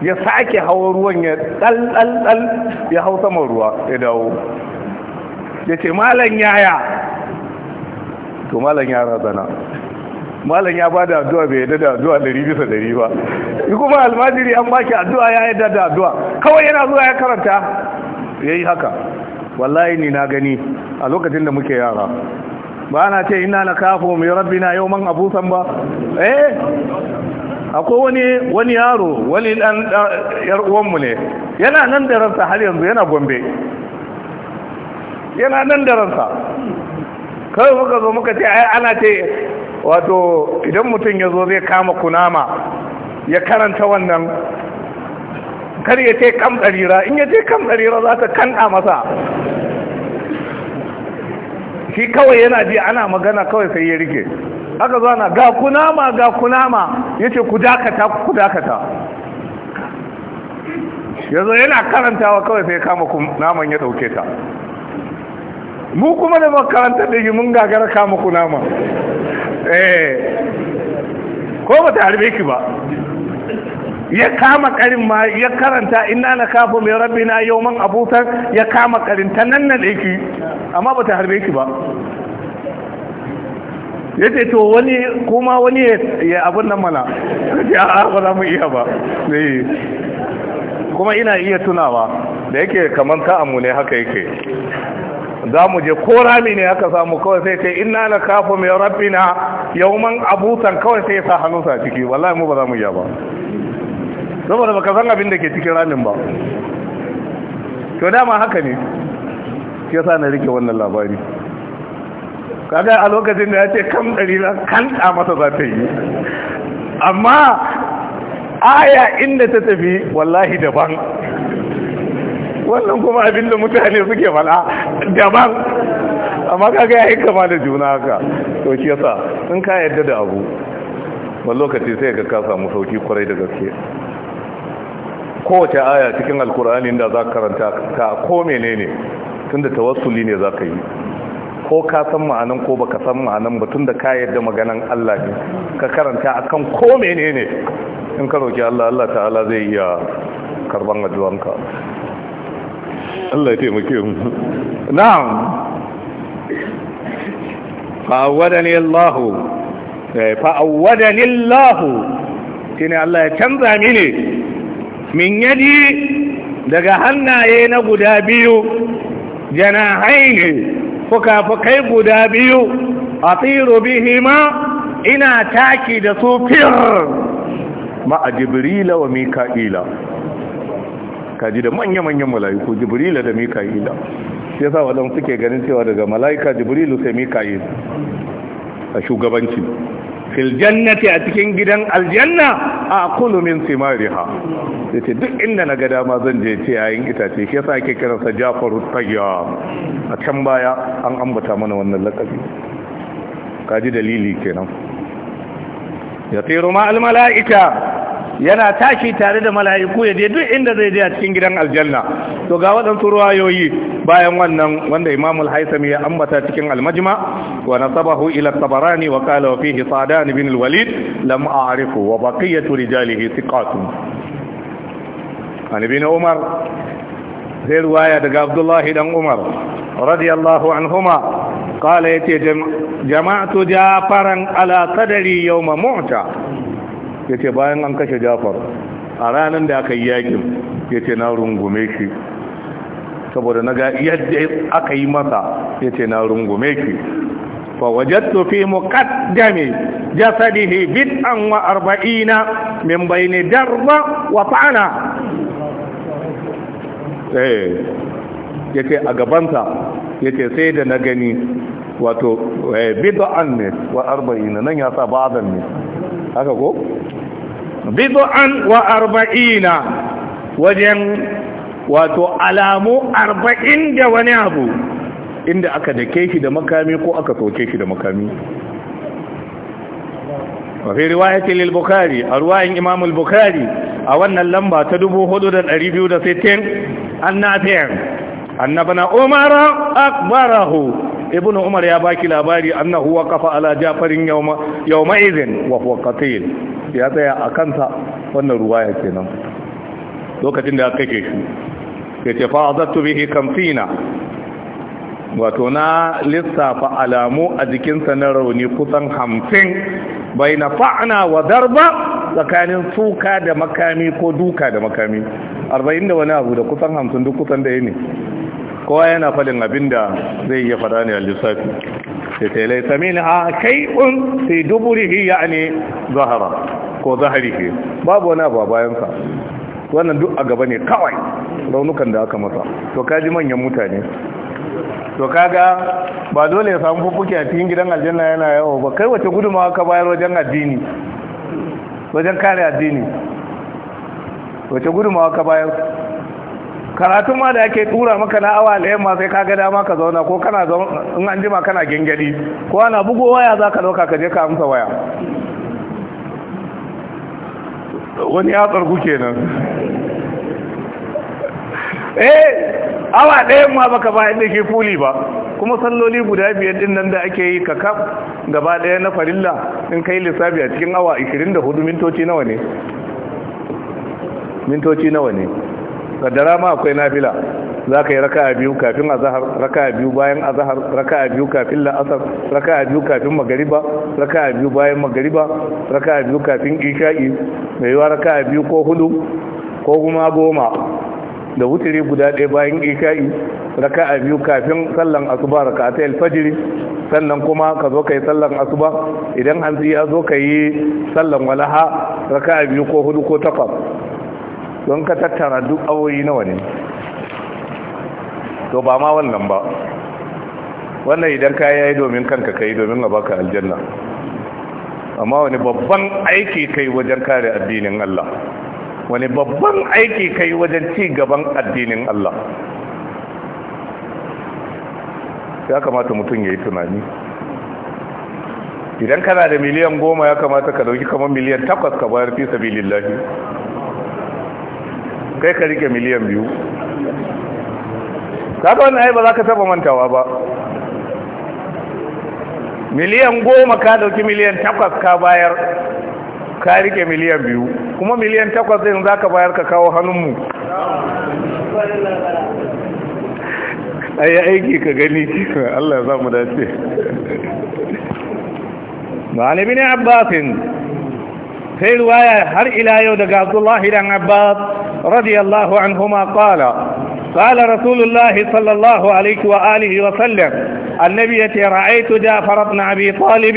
S1: ya sake hawa ruwan ya ɗalɗalɗal ya hau saman ruwa ya dawo ya ce malam yaya to malam ya razana malam ya ba da addu'a bai yadda da addu'a dari bisa dari ba yi kuma almajiri an baki addu'a ya yadda da addu'a kawai yana zuwa ya karanta ya yi haka wallahi ni na gani a lokacin da muke yara ba na ce ina na kafo mai na yau man abusan ba eh akwai wani yaro wani dan yar'uwanmu ne yana nan da ransa har yanzu yana gombe yana nan da ransa kawai muka zo muka ce ana ce wato idan mutum ya zo zai kama kunama ya karanta wannan kar ya ce kam tsarira in ya ce kam tsarira za ta kanka masa shi kawai yana ji ana magana kawai sai ya rike aka zo ana ga kunama ga kunama yace ku dakata ku dakata yazo yana karantawa kawai sai ya kama naman ya dauke ta mu kuma da makaranta da yi mun gagara kama kunama eh ko ba ta harbe ki ba ya kama karin ma ya karanta inna na kafa mai rabbi na yau man abutar ya kama karin ta nan nan aiki. amma ba ta harbe ki ba ya ce to wani kuma wani ya abin nan mana ya a ba za mu iya ba eh. kuma ina iya tunawa da yake kamar ta amu ne haka yake za mu je ko rami ne haka samu kawai sai ce ina na kafa mai rabbi na yauman abutan kawai sai ya sa hannunsa a ciki wallahi mu ba za mu iya ba saboda baka san abin da ke cikin ramin ba to dama haka ne ya sa na rike wannan labari kaga a lokacin da ya ce kan dalila kan a masa za ta yi amma aya inda ta tafi wallahi daban wannan kuma abin da mutane suke fada daban amma kaga ya yi kama da juna haka to shi yasa in ka yadda da abu wani lokaci sai ka ka samu sauki kwarai da gaske kowace aya cikin alkur'ani da za karanta ta ko menene tunda tawassuli ne za ka yi ko ka san ma'anan ko ba ka san ma'anan ba tunda ka yadda maganan Allah ne ka karanta a kan ko menene in ka roƙi Allah Allah ta'ala zai iya karban ajuwanka. Allah ya taimake mu na'am fa'awadani Allah eh, fa'awadani Allah shine Allah ya canza mini min yadi daga hannaye na guda biyu fuka-fukai guda biyu a tsiro ma. ina taki da su fir ma'a jibrila wa mika'ila kaji da manya-manyan mala'iku jibrila da mika'ila ya sa waɗansu suke ganin cewa daga mala'ika jibrilu sai mika'il a shugabanci fil jannati a cikin gidan aljanna akulu min simariha yace duk inda na ga dama zan je ce yayin itace shi yasa ake kiransa Jafaru Tayyab a can baya an ambata mana wannan lakabi kaji dalili kenan ya tsiro ma malaika yana tashi tare da mala'iku ya je duk inda zai je a cikin gidan aljanna to ga waɗansu ruwayoyi bayan wannan wanda Imam al ya ambata cikin almajma wa nasabahu ila tabarani wa kala wa fihi Sadan ibn al-Walid lam a'rifu wa baqiyatu rijalihi thiqatun an ibn Umar sai ruwaya daga Abdullahi dan Umar radiyallahu anhuma قال يتي jama'atu jafaran على صدري ma mota. ya ce bayan an kashe jafar a ranar da aka yi yakin ya ce na rungume shi saboda na ga yadda aka yi masa ya ce na rungume shi mu فوجدت في مقدم wa arba'ina, min من darba wa fa'ana eh, ya ce a gabanta ce sai da na gani wato eh, bidon ne wa arba'ina? nan ya sa ba'adan ne haka ko bid'an wa arba'ina wajen wato alamu arba'in da wani abu inda aka dake shi da makami ko aka soke shi da makami A fi riwayati lil bukhari arwayin imam al a wannan lamba ta 4260 annafi'an annabana umara akbarahu ibn umar ya baki labari annahu waqafa ala jafarin yawma yawma idhin wa huwa qatil ya tsaya a kansa wannan ruwa ya kenan lokacin da aka kake shi ya ce fa azattu bihi kamfina wato na lissafa alamu a jikinsa na rauni kusan hamsin bai na fa'ana wa darba tsakanin suka da makami ko duka da makami arba'in da wani abu da kusan hamsin duk kusan da ya ne kowa yana faɗin abin da zai iya faɗa ne a lissafi kai un, minha shay'un fi duburihi ne zahara ko zahrihi babu wani abu bayan sa wannan duk a gaba ne kawai raunukan da aka masa to kaji manyan mutane to kaga ba dole ya samu fukuki a cikin gidan aljanna yana yawo ba kai wace guduma ka bayar wajen addini wajen kare addini wace guduma ka bayar karatun ma da yake tura maka na awa da ma sai ka ga dama ka zauna ko kana in an jima kana gingadi ko ana bugo waya za ka ɗauka ka je ka amsa waya wani ya tsarku kenan eh awa da ma baka ba inda ke fuli ba kuma salloli guda biyar din nan da ake yi ka kaf gaba ɗaya na farilla in kai lissafi a cikin awa 24 mintoci nawa ne mintoci nawa ne kaddara ma akwai nafila za ka yi raka a biyu kafin azahar a biyu bayan azahar a biyu kafin la'asar raka a biyu kafin magariba a biyu bayan magariba a biyu kafin isha'i mai yiwa a biyu ko hudu ko kuma goma da wutiri guda ɗaya bayan isha'i a biyu kafin sallan asuba tayar fajiri sannan kuma ka zo ka yi sallan asuba idan hanzi ya zo ka yi sallan walaha raka a biyu ko hudu ko takwas don ka tattara duk awoyi nawa ne to ba ma wannan ba wannan idan ka yayi domin kanka kai domin a baka aljanna amma wani babban aiki kai wajen kare addinin Allah wani babban aiki kai wajen ci gaban addinin Allah ya kamata mutum ya yi tunani idan kana da miliyan goma ya kamata ka dauki kamar miliyan takwas ka bayar fi sabilillahi kai ka rike miliyan biyu kaga wannan ai ba za ka taba mantawa ba miliyan goma ka dauki miliyan takwas ka bayar ka rike miliyan biyu kuma miliyan takwas din za ka bayar ka kawo hannunmu ayi aiki ka gani Allah ya za mu dace ma'anabi ne abbasin في رواية هر إلى يودك عبد الله بن عباس رضي الله عنهما قال قال رسول الله صلى الله عليه وآله وسلم النبي يتي رأيت جعفر بن أبي طالب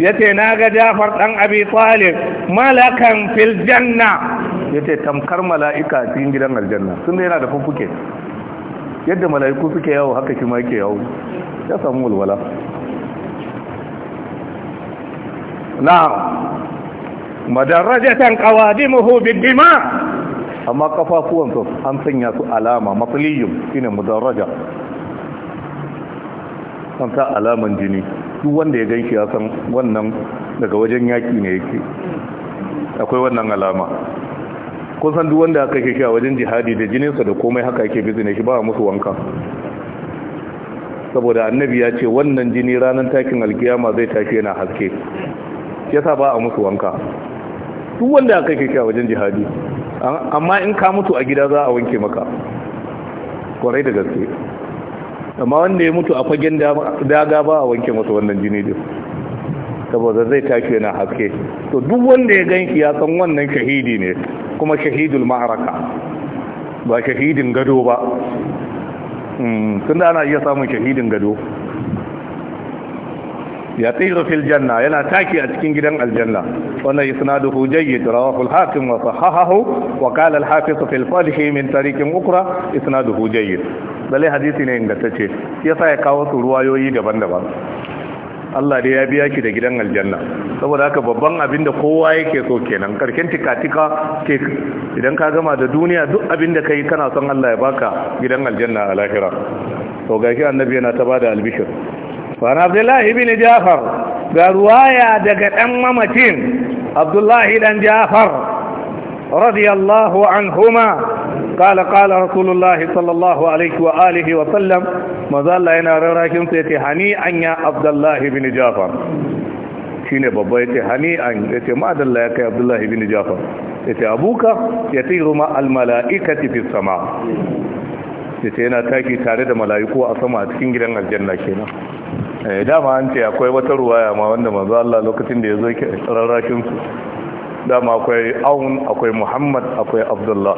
S1: يتي ناغ جعفر بن أبي طالب ملكا في الجنة يتي تمكر ملائكة تين جدن الجنة سنة هنا دفن فكي يد ملائكو فكي يو حكا كما يكي يو يسمو الولا نعم madarajatan qawadimuhu bid-dima amma kafafuwan su an sanya su alama matliyum shine mudarraja an ta alaman jini duk wanda ya ganshi ya san wannan daga wajen yaki ne yake akwai wannan alama kun san duk wanda aka shi a wajen jihadi da sa da komai haka yake bizine shi ba musu wanka saboda annabi ya ce wannan jini ranar takin alkiyama zai tafi yana haske yasa ba a musu wanka duk wanda aka kai a wajen jihadi amma in ka mutu a gida za a wanke maka kwarai da gaske amma wanda ya mutu a fagen daga ba a wanke masa wannan jini din saboda zai tashi yana haske to duk wanda ya ganki ya san wannan shahidi ne kuma shahidul ma'araka ba shahidin gado ba hmm, tun da ana iya samun shahidin gado ya tsiru fil janna yana taki a cikin gidan aljanna wannan isnaduhu jayyid rawahu al-hakim wa sahahahu wa qala al-hafiz fi al-fath min tariqin ukra isnaduhu jayyid lalle hadisi ne tace yasa ya kawo su ruwayoyi daban-daban Allah dai ya biya ki da gidan aljanna saboda haka babban abin da kowa yake so kenan karshen tikatika ke idan ka gama da duniya duk abin da kai kana son Allah ya baka gidan aljanna a lahira to gashi annabi yana ta bada albishir وعن Jafar الله بن جعفر برواية دقة أمامتين عبد الله بن جعفر رضي الله عنهما قال قال رسول alaihi wa alihi wa sallam وسلم ما زال لنا راكم سيتي هنيئا يا عبد الله بن جعفر shine babba yace hani'an yace madalla ya kai Abdullahi bin Jafar yace abuka yatiru ma al malaikati fis sama yana taki tare da malaiku a sama a cikin gidan aljanna kenan Eh, dama an ce akwai wata ruwaya ma wanda manzo Allah lokacin da yazo yake rarrakin su dama akwai aun akwai Muhammad akwai Abdullah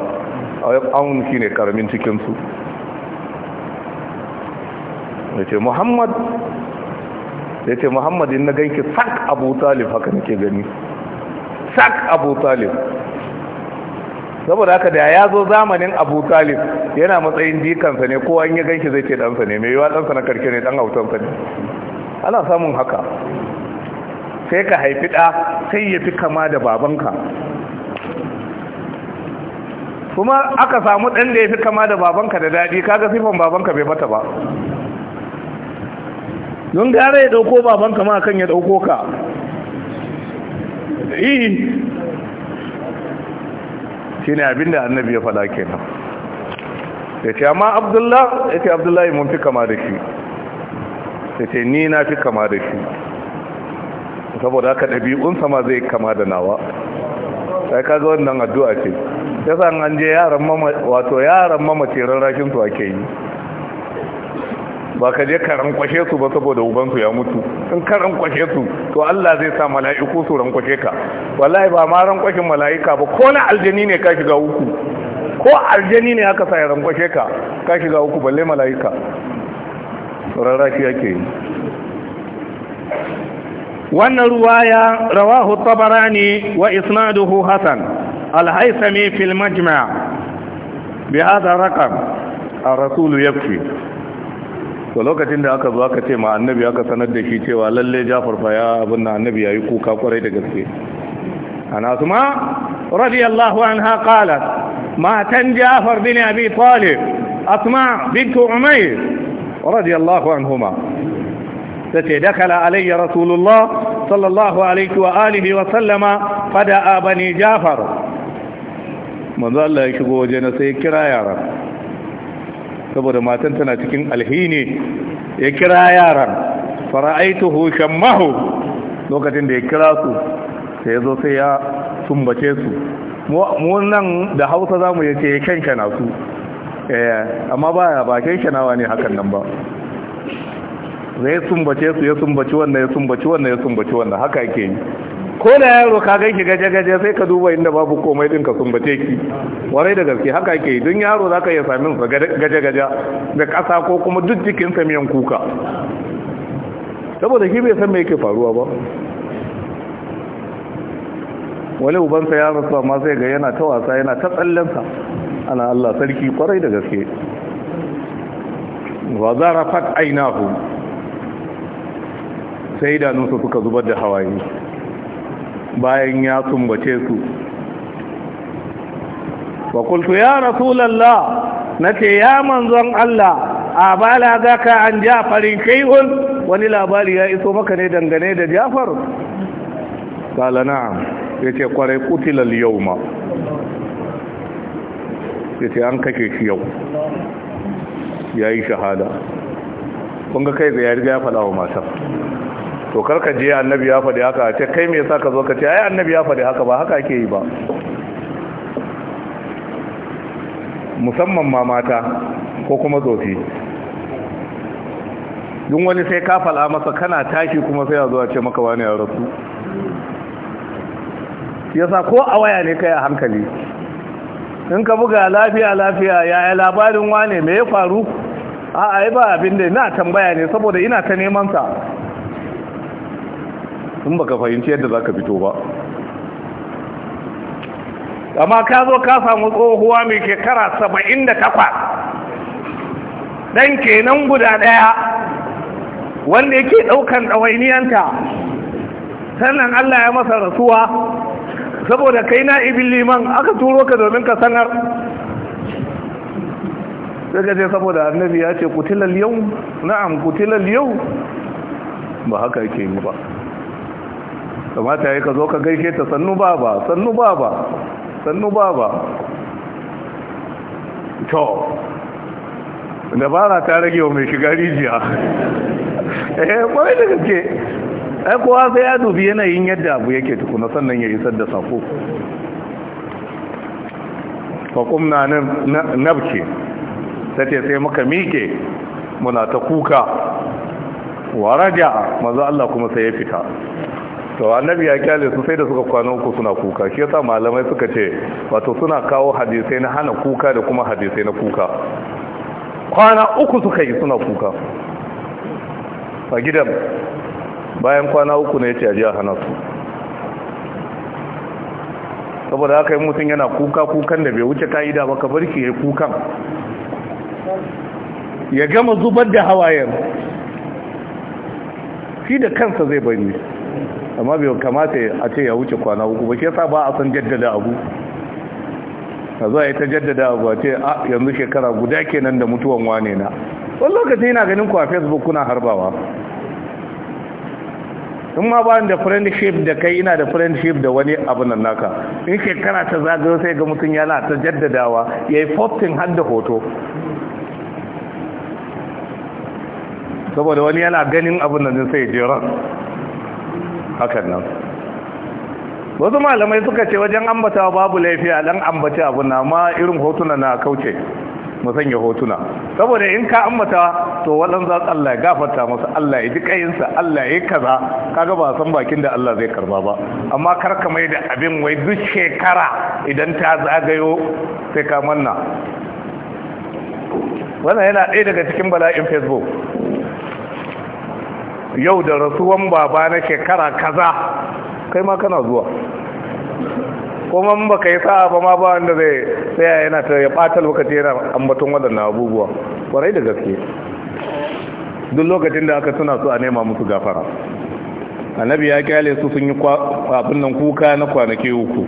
S1: aun shine karamin cikin su yace Muhammad yace Muhammad in na ganki sak Abu Talib haka nake gani sak Abu Talib saboda haka da ya zo zamanin abu talib yana matsayin jikansa ne kowa in ya ganshi zai ce ɗansa ne mai yiwa ɗansa na karke ne ɗan autansa ne ana samun haka sai ka haifi ɗa sai ya fi kama da babanka kuma aka samu ɗan da ya fi kama da babanka da daɗi kaga sifan babanka bai bata ba don gara ya ɗauko babanka ma kan ya ɗauko ka yi shi ne abinda annabi ya faɗa kenan ya ce amma abdullahi ya ce abdullahi mun fi kama da shi sai ni na fi kama da shi saboda haka ɗabi'unsa ma zai kama da nawa sai ka ga wannan addu'a ce yasa an je yaran mama wato yaran mama teran rashin su ake yi ba ka je karan kwashe su ba saboda uban su ya mutu in karan kwashe su to Allah zai sa mala'iku su ran kwashe ka wallahi ba ma ran kwashin mala'ika ba ko na aljani ne ka shiga uku ko aljani ne aka sa ya ran kwashe ka ka shiga uku balle mala'ika rarrafi yake yi wannan ruwaya rawahu tabarani wa isnaduhu hasan al-haisami fil majma' bi hadha raqam ar-rasul to lokacin da aka zo aka ce ma annabi aka sanar da shi cewa lalle Jafar fa ya abin nan annabi yayi kuka kwarai da gaske ana kuma radiyallahu anha qalat matan Jafar bin Abi Talib Asma bint Umayr radiyallahu anhuma tace dakala alayya rasulullah sallallahu alaihi wa alihi wa sallama fada'a bani jafar manzo Allah ya shigo waje na sai kira yaran saboda matan tana cikin alhini ya kira yaran fara'aituhu shammahu lokacin da ya kira su sai ya ya sumbace su mu nan da hausa zamu yace ya kankana su Eh, amma amma ya ba kai shanawa ne hakan nan ba zai sumbace su ya sumbaci wannan ya sumbaci wannan ya sumbaci wannan haka yake yi ko da yaro ka gaishe gaje-gaje sai ka duba inda babu komai din ka sumbace ki warai da gaske haka yake yi don yaro za ka iya sami sa gaje-gaje da ƙasa ko kuma duk jikinsa miyan kuka saboda shi bai san me yake faruwa ba wani ubansa ya rasu amma sai ga yana ta wasa yana ta tsallensa ana Allah sarki kwarai da gaske wa zarafat ainahu sai nusa suka zubar da hawaye bayan ya sumbace su wa kultu ya rasulallah nace ya manzon Allah a bala balagaka an jafarin kai'un wani labari ya iso maka ne dangane da jafar kala na'am yace kwarai yau ma. ya ce an kashe shi yau ya yi shahada ƙunga kai da ya riga ya faɗa wa matan to karka je annabi ya faɗi haka ce kai me yasa ka zo ka ce ai annabi ya faɗi haka ba haka ke yi ba musamman ma mata ko kuma tsofi yin wani sai ka faɗa masa kana tashi kuma sai ya zo a ce maka wani ya rasu yasa ko a waya ne kai a hankali in ka buga lafiya lafiya yaya labarin wane me ya faru a ai ba abin da ina tambaya ne saboda ina ta neman sa in baka fahimci yadda za ka fito ba amma ka zo ka samu tsohuwa mai shekara saba'in da takwa dan kenan guda ɗaya wanda yake ɗaukan ɗawainiyanta sannan Allah ya masa rasuwa saboda kai na ibin liman aka turo ka domin ka sanar daga ce saboda annabi ya ce kutilal yau na'am kutilal yau ba haka yake yi ba kamata ya ka zo ka gaishe ta sannu ba ba sannu ba ba sannu ba ba to dabara ta rage wa mai shiga rijiya [laughs] eh kwarai da gaske ai kowa sai ya dubi yanayin yadda abu yake tukuna sannan ya isar da sako na nabke ta ce sai muka mike muna ta kuka wa raja maza Allah kuma sai ya fita to annabi ya kyale su sai da suka kwana uku suna kuka shi yasa malamai suka ce wato suna kawo hadisai na hana kuka da kuma hadisai na kuka kwana uku suka yi suna kuka a gidan bayan kwana uku ne yace ajiya a hana su saboda haka yi mutum yana kuka kukan da bai wuce ka'ida ba ka barki ya kukan ya gama zubar da hawayen shi da kansa zai bari amma bai kamata a ce ya wuce kwana uku ba shi sa ba a san jaddada abu a zuwa ya ta jaddada abu a ce a yanzu shekara guda kenan da mutuwan wane na wani lokaci yana ganin ku a facebook kuna harbawa in ma ba da friendship da kai ina da friendship da wani abu nan naka in shekara ta zagayo sai ga mutum yana ta jaddadawa ya yi foftin har da hoto saboda wani yana ganin abin nan sai jera hakan nan wasu malamai suka ce wajen ambata babu laifiya dan ambaci abu na ma irin hotuna na kauce mu sanya hotuna saboda in ka ammata to waɗansu Allah ya gafarta masa Allah ya ji kayinsa Allah ya kaza kaga ba san bakin da Allah zai karba ba amma kar ka mai da abin wai duk shekara idan ta zagayo sai ka manna wannan yana ɗaya daga cikin bala'in facebook yau da rasuwan baba na shekara kaza kai ma kana zuwa kuma ba ka yi sa'a ba ma ba wanda zai tsaya yana ta ya ɓata lokaci yana ambaton waɗannan abubuwa kwarai da gaske duk lokacin da aka suna su a nema musu gafara annabi ya kyale su sun yi abin nan kuka na kwanaki uku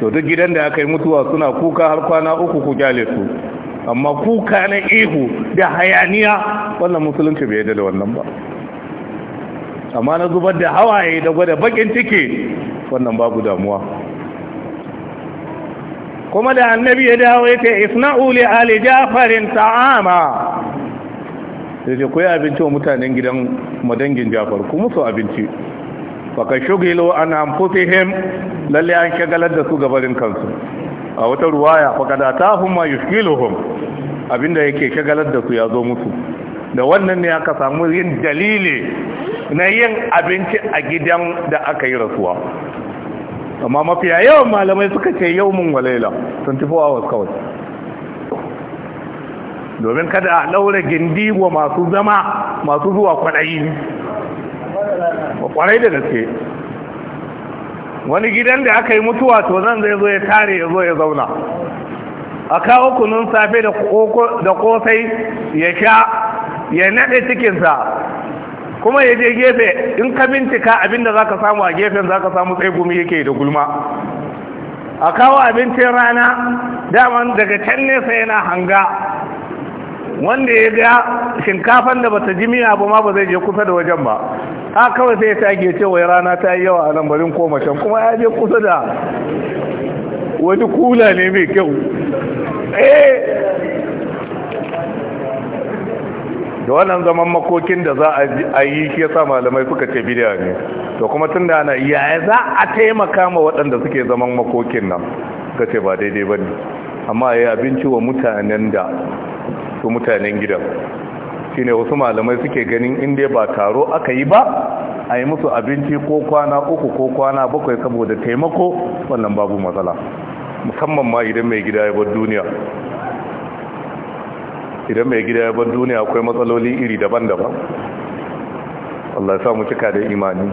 S1: to duk gidan da aka yi mutuwa suna kuka har kwana uku ku kyale su amma kuka na ihu da hayaniya wannan musulunci bai yadda da wannan ba amma na zubar da hawaye da gwada bakin ciki wannan babu damuwa kuma da annabi ya dawo ya ce isna'u li ali jafarin ta'ama sai ce koyi abinci wa mutanen gidan madangin jafar kuma so abinci baka shugilo an anfusihim lalle an shagalar da su gabarin kansu a wata ruwaya faka da tahum ma yushgiluhum abinda yake shagalar da su ya zo mutu da wannan ne aka samu yin dalili na yin abinci a gidan da aka yi rasuwa amma mafiya yawan malamai suka ce yau mun walaila 24 hours kawai domin kada a laura gindi wa masu zama masu zuwa kwanayi kwanayi da gaske wani gidan da aka yi mutuwa to zan zai zo ya tare ya zo ya zauna a kawo kunun safe da kosai ya sha ya naɗe cikinsa kuma ya je gefe in ka bincika abinda za ka samu a gefen zaka samu tsaye gumi yake da gulma a kawo abincin rana daman daga can nesa yana hanga wanda ya ga shinkafan da bata ji miya ba ma ba zai je kusa da wajen ba ha kawai sai ya tage ce wai rana ta yi yawa a lambarin koma can kuma ya je kusa da wani kula ne mai kyau
S2: eh
S1: da wannan zaman makokin da za a yi shi yasa malamai suka ce bidiya ne to kuma tunda ana yaya za a taimaka ma waɗanda suke zaman makokin nan Suka ce ba daidai ba ne amma ya abinci wa mutanen da su mutanen gidan shine wasu malamai suke ganin inda ba taro aka yi ba a yi musu abinci ko kwana uku ko kwana bakwai saboda taimako wannan babu matsala musamman ma idan mai gida ya bar duniya idan mai gida ya bar duniya akwai matsaloli iri daban-daban Allah ya mu cika da imani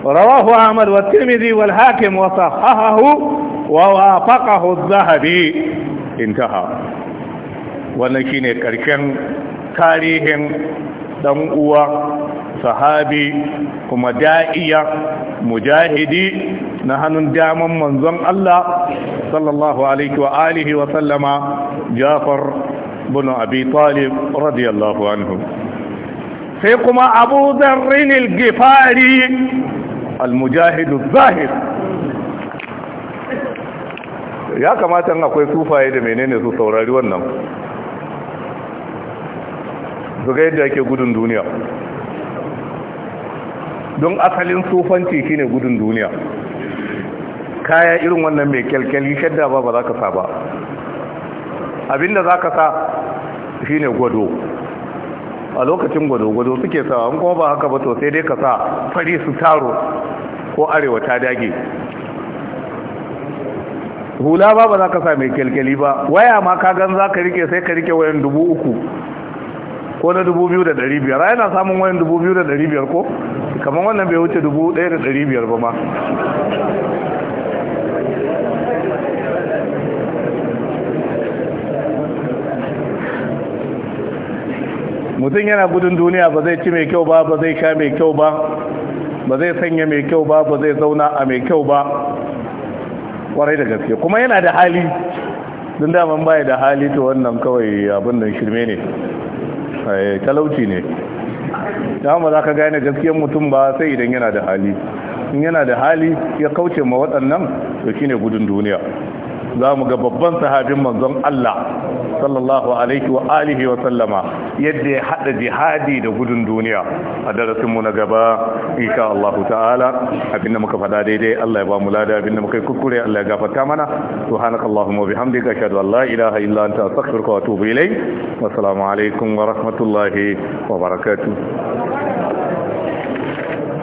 S1: rawahu ahmad wa tirmidhi wal hakim wa sahahahu wa wafaqahu az-zahabi intaha wannan shine ƙarshen tarihin dan uwa sahabi kuma da'iya mujahidi na hannun daman manzon Allah sallallahu alaihi wa alihi wa sallama Jafar bin Abi Talib radiyallahu anhu sai kuma Abu Dharr al-Ghifari al-mujahid az ya kamata akwai sufaye da menene su saurari wannan su ga yadda yake gudun duniya don asalin sufanci shine gudun duniya kaya irin wannan mai kyalkyali shadda ba ba za ka sa ba abinda za ka sa shine gwado a lokacin gwado gwado suke sa an kuma ba haka ba to sai dai ka sa fari su taro ko arewa ta dage hula ba ba za ka sa mai kyalkyali ba waya ma ka gan za ka rike sai ka rike wayan dubu uku ko na dubu biyu da dari biyar ai na samun wani dubu biyu da biyar ko kamar wannan bai wuce dubu ɗaya da dari biyar ba ma mutum yana gudun duniya ba zai ci mai kyau ba ba zai sha mai kyau ba ba zai sanya mai kyau ba ba zai zauna a mai kyau ba kwarai da gaske kuma yana da hali don daman baya da hali to wannan kawai abin nan shirme ne Eh, talauci ne ta ba za ka gane gaskiyar mutum ba sai idan yana da hali in yana da hali ya kauce ma waɗannan to ne gudun duniya za mu ga babban sahabin manzon Allah sallallahu alaihi wa alihi wa sallama yadda ya hada jihadi da gudun duniya a darasin mu na gaba insha Allah ta'ala abinda muka faɗa daidai Allah ya ba mu lada abinda muka yi kuskure Allah ya gafarta mana subhanakallahumma bihamdika ashhadu an la ilaha illa anta astaghfiruka wa atubu ilayk wa assalamu alaikum wa rahmatullahi wa barakatuh